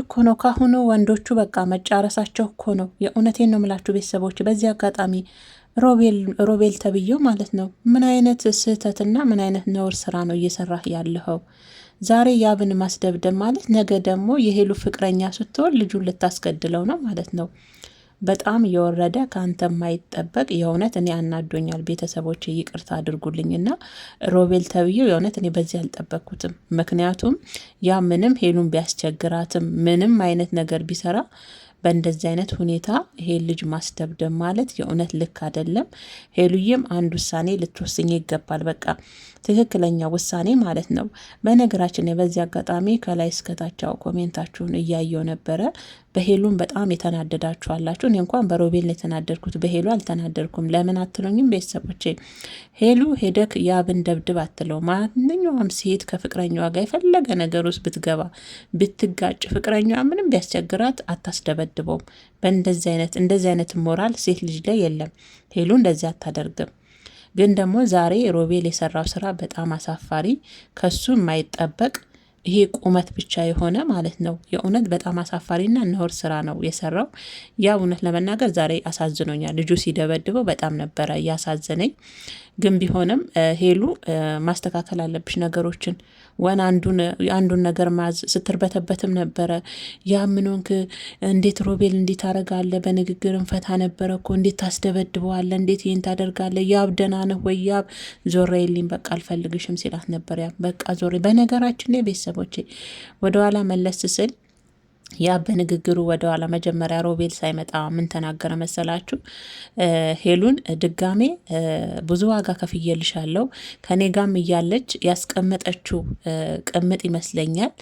እኮ ነው ካሁኑ ወንዶቹ በቃ መጫረሳቸው እኮ ነው። የእውነቴን ነው የምላችሁ ቤተሰቦች። በዚህ አጋጣሚ ሮቤል ተብዬው ማለት ነው ምን አይነት ስህተትና ምን አይነት ነውር ስራ ነው እየሰራህ ያለኸው? ዛሬ ያብን ማስደብደብ ማለት ነገ ደግሞ የሄሉ ፍቅረኛ ስትሆን ልጁን ልታስገድለው ነው ማለት ነው። በጣም የወረደ ከአንተ የማይጠበቅ የእውነት እኔ አናዶኛል። ቤተሰቦች ይቅርታ አድርጉልኝና ሮቤል ተብዬው የእውነት እኔ በዚህ አልጠበቅኩትም። ምክንያቱም ያ ምንም ሄሉን ቢያስቸግራትም ምንም አይነት ነገር ቢሰራ በእንደዚህ አይነት ሁኔታ ይሄ ልጅ ማስደብደብ ማለት የእውነት ልክ አይደለም። ሄሉዬም አንድ ውሳኔ ልትወስኝ ይገባል። በቃ ትክክለኛ ውሳኔ ማለት ነው። በነገራችን ላይ በዚህ አጋጣሚ ከላይ እስከታቻው ኮሜንታችሁን እያየው ነበረ። በሄሉም በጣም የተናደዳችሁ አላችሁ። እኔ እንኳን በሮቤል ነው የተናደድኩት፣ በሄሉ አልተናደድኩም። ለምን አትለኝም? ቤተሰቦቼ ሄሉ ሄደክ ያብን ደብድብ አትለው። ማንኛውም ሴት ከፍቅረኛዋ ጋር የፈለገ ነገር ውስጥ ብትገባ ብትጋጭ፣ ፍቅረኛዋ ምንም ቢያስቸግራት አታስደበድ አይደበድበውም። በእንደዚህ አይነት እንደዚህ አይነት ሞራል ሴት ልጅ ላይ የለም። ሄሉ እንደዚህ አታደርግም። ግን ደግሞ ዛሬ ሮቤል የሰራው ስራ በጣም አሳፋሪ፣ ከሱ የማይጠበቅ ይሄ ቁመት ብቻ የሆነ ማለት ነው። የእውነት በጣም አሳፋሪና ነውር ስራ ነው የሰራው። ያ እውነት ለመናገር ዛሬ አሳዝኖኛል። ልጁ ሲደበድበው በጣም ነበረ እያሳዘነኝ። ግን ቢሆንም ሄሉ ማስተካከል አለብሽ ነገሮችን ወን አንዱን ነገር ማዝ ስትርበተበትም ነበረ። ያ ምንንክ እንዴት ሮቤል እንዴት አረጋለ በንግግር እንፈታ ነበረ እኮ እንዴት ታስደበድበዋለ? እንዴት ይህን ታደርጋለ? ያብ ደህና ነህ ወይ? ያብ ዞሬ የለኝ በቃ አልፈልግሽም ሲላት ነበር። ያ በቃ ዞሬ በነገራችን ቤተሰብ ቤተሰቦቼ ወደኋላ መለስ ስል ያ በንግግሩ ወደ ኋላ መጀመሪያ ሮቤል ሳይመጣ ምን ተናገረ መሰላችሁ? ሄሉን ድጋሜ ብዙ ዋጋ ከፍየልሻለው ከኔ ጋም እያለች ያስቀመጠችው ቅምጥ ይመስለኛል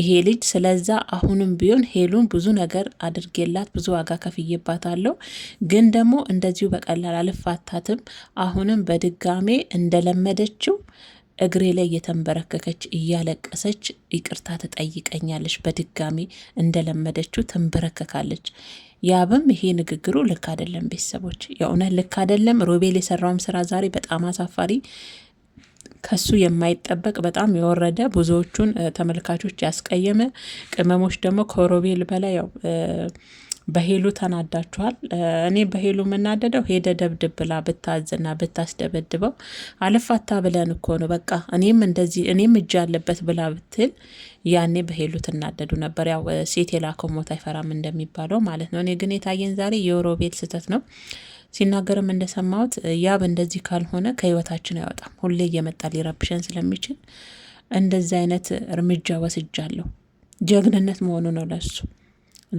ይሄ ልጅ። ስለዛ አሁንም ቢሆን ሄሉን ብዙ ነገር አድርጌላት ብዙ ዋጋ ከፍዬባታለሁ፣ ግን ደግሞ እንደዚሁ በቀላል አልፋታትም። አሁንም በድጋሜ እንደለመደችው እግሬ ላይ የተንበረከከች እያለቀሰች ይቅርታ ትጠይቀኛለች። በድጋሚ እንደለመደችው ትንበረከካለች። ያብም ይሄ ንግግሩ ልክ አይደለም። ቤተሰቦች የእውነት ልክ አይደለም። ሮቤል የሰራውም ስራ ዛሬ በጣም አሳፋሪ ከሱ የማይጠበቅ በጣም የወረደ ብዙዎቹን ተመልካቾች ያስቀየመ ቅመሞች ደግሞ ከሮቤል በላይ ያው በሄሉ ተናዳችኋል። እኔ በሄሉ የምናደደው ሄደ ደብድብ ብላ ብታዝና ብታስደበድበው አለፋታ ብለን እኮ ነው በቃ እኔም እንደዚህ እኔም እጅ ያለበት ብላ ብትል ያኔ በሄሉ ትናደዱ ነበር። ያው ሴት የላከው ሞት አይፈራም እንደሚባለው ማለት ነው። እኔ ግን የታየን ዛሬ የሮቤል ስህተት ነው። ሲናገርም እንደሰማሁት ያብ እንደዚህ ካልሆነ ከህይወታችን አይወጣም፣ ሁሌ እየመጣ ሊረብሸን ስለሚችል እንደዚህ አይነት እርምጃ ወስጃለሁ። ጀግንነት መሆኑ ነው ለሱ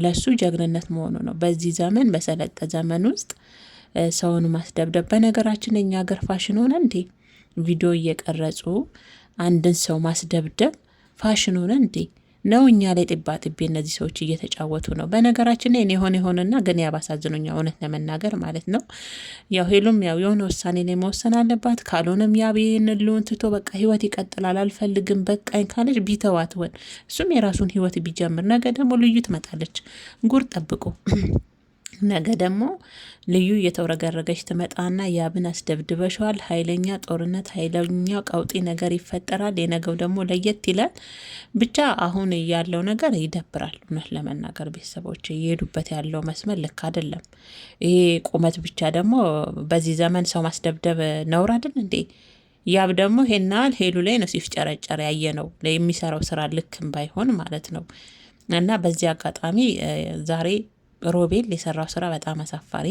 ለሱ ጀግንነት መሆኑ ነው። በዚህ ዘመን በሰለጠ ዘመን ውስጥ ሰውን ማስደብደብ በነገራችን የኛ ሀገር ፋሽን ሆነ እንዴ? ቪዲዮ እየቀረጹ አንድን ሰው ማስደብደብ ፋሽን ሆነ እንዴ? ነው እኛ ላይ ጥባ ጥቤ እነዚህ ሰዎች እየተጫወቱ ነው። በነገራችን ላይ እኔ የሆነ የሆነና ግን ያባሳዝኑኛ እውነት ለመናገር ማለት ነው። ያው ሄሉም ያው የሆነ ውሳኔ ላይ መወሰን አለባት። ካልሆነም ያቤን ልውን ትቶ በቃ ህይወት ይቀጥላል አልፈልግም በቃኝ ካለች ወን እሱም የራሱን ህይወት ቢጀምር ነገ ደግሞ ልዩ ትመጣለች። ጉር ጠብቁ። ነገ ደግሞ ልዩ እየተውረገረገች ትመጣና ያብን አስደብድበሸዋል። ኃይለኛ ጦርነት፣ ኃይለኛ ቀውጢ ነገር ይፈጠራል። የነገው ደግሞ ለየት ይላል። ብቻ አሁን ያለው ነገር ይደብራል። እውነት ለመናገር ቤተሰቦች እየሄዱበት ያለው መስመር ልክ አይደለም። ይሄ ቁመት ብቻ ደግሞ በዚህ ዘመን ሰው ማስደብደብ ነውር እንዴ? ያብ ደግሞ ሄናል ሄሉ ላይ ነው ሲፍጨረጨር ያየ ነው የሚሰራው ስራ ልክም ባይሆን ማለት ነው እና በዚህ አጋጣሚ ዛሬ ሮቤል የሰራው ስራ በጣም አሳፋሪ፣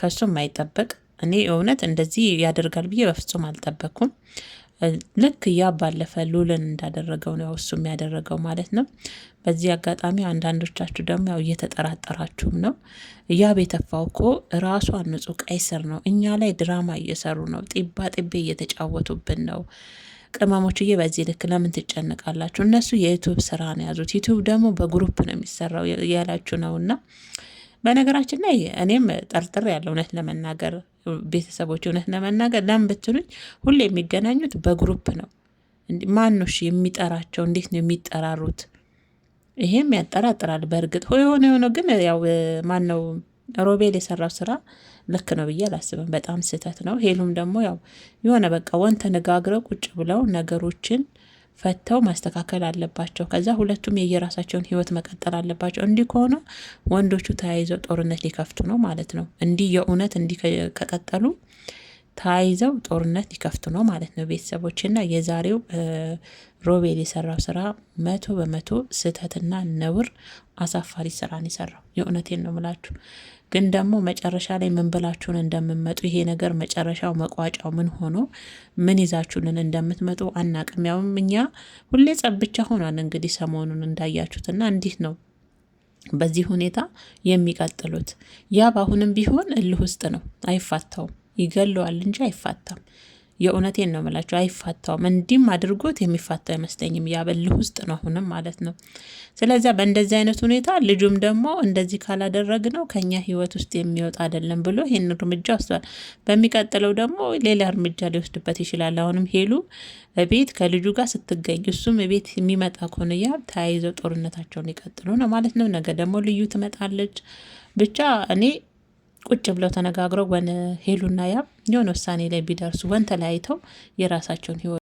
ከሱ የማይጠበቅ እኔ እውነት እንደዚህ ያደርጋል ብዬ በፍጹም አልጠበቅኩም። ልክ ያ ባለፈ ሉልን እንዳደረገው ነው እሱ የሚያደረገው ማለት ነው። በዚህ አጋጣሚ አንዳንዶቻችሁ ደግሞ ያው እየተጠራጠራችሁም ነው። ያ ቤተፋው እኮ ራሷን ንጹህ ቀይ ስር ነው፣ እኛ ላይ ድራማ እየሰሩ ነው፣ ጢባ ጢቤ እየተጫወቱብን ነው ቅመሞችዬ፣ በዚህ ልክ ለምን ትጨንቃላችሁ? እነሱ የዩቱብ ስራ ነው ያዙት። ዩቱብ ደግሞ በግሩፕ ነው የሚሰራው ያላችሁ ነው እና በነገራችን ላይ እኔም ጠርጥር ያለ እውነት ለመናገር ቤተሰቦች እውነት ለመናገር ለምን ብትሉኝ ሁሌ የሚገናኙት በግሩፕ ነው። ማኖሽ የሚጠራቸው እንዴት ነው የሚጠራሩት? ይሄም ያጠራጥራል። በእርግጥ የሆነ የሆነ ግን ያው ማን ነው ሮቤል የሰራው ስራ ልክ ነው ብዬ አላስብም። በጣም ስህተት ነው። ሄሉም ደግሞ ያው የሆነ በቃ ወን ተነጋግረው ቁጭ ብለው ነገሮችን ፈተው ማስተካከል አለባቸው። ከዛ ሁለቱም የየራሳቸውን ህይወት መቀጠል አለባቸው። እንዲህ ከሆነ ወንዶቹ ተያይዘው ጦርነት ሊከፍቱ ነው ማለት ነው። እንዲህ የእውነት እንዲህ ከቀጠሉ ተያይዘው ጦርነት ይከፍቱ ነው ማለት ነው ቤተሰቦችና የዛሬው ሮቤል የሰራው ስራ መቶ በመቶ ስህተትና ነውር አሳፋሪ ስራን የሰራው የእውነቴን ነው ምላችሁ። ግን ደግሞ መጨረሻ ላይ ምን ብላችሁን እንደምመጡ ይሄ ነገር መጨረሻው መቋጫው ምን ሆኖ ምን ይዛችሁንን እንደምትመጡ አናቅም። ያውም እኛ ሁሌ ጸብቻ ብቻ ሆኗል። እንግዲህ ሰሞኑን እንዳያችሁትና እንዲህ ነው በዚህ ሁኔታ የሚቀጥሉት። ያ በአሁንም ቢሆን እልህ ውስጥ ነው፣ አይፋታውም ይገለዋል እንጂ አይፋታም። የእውነቴን ነው የምላቸው፣ አይፋታውም። እንዲህም አድርጎት የሚፋታው አይመስለኝም። ያበልህ ውስጥ ነው አሁንም ማለት ነው። ስለዚያ በእንደዚህ አይነት ሁኔታ ልጁም ደግሞ እንደዚህ ካላደረግ ነው ከኛ ህይወት ውስጥ የሚወጣ አይደለም ብሎ ይህን እርምጃ ወስዷል። በሚቀጥለው ደግሞ ሌላ እርምጃ ሊወስድበት ይችላል። አሁንም ሄሉ ቤት ከልጁ ጋር ስትገኝ እሱም ቤት የሚመጣ ከሆነ ተያይዘው ጦርነታቸውን ይቀጥሉ ነው ማለት ነው። ነገ ደግሞ ልዩ ትመጣለች። ብቻ እኔ ቁጭ ብለው ተነጋግረው ወን ሄሉና ያ የሆነ ውሳኔ ላይ ቢደርሱ ወን ተለያይተው የራሳቸውን ህይወት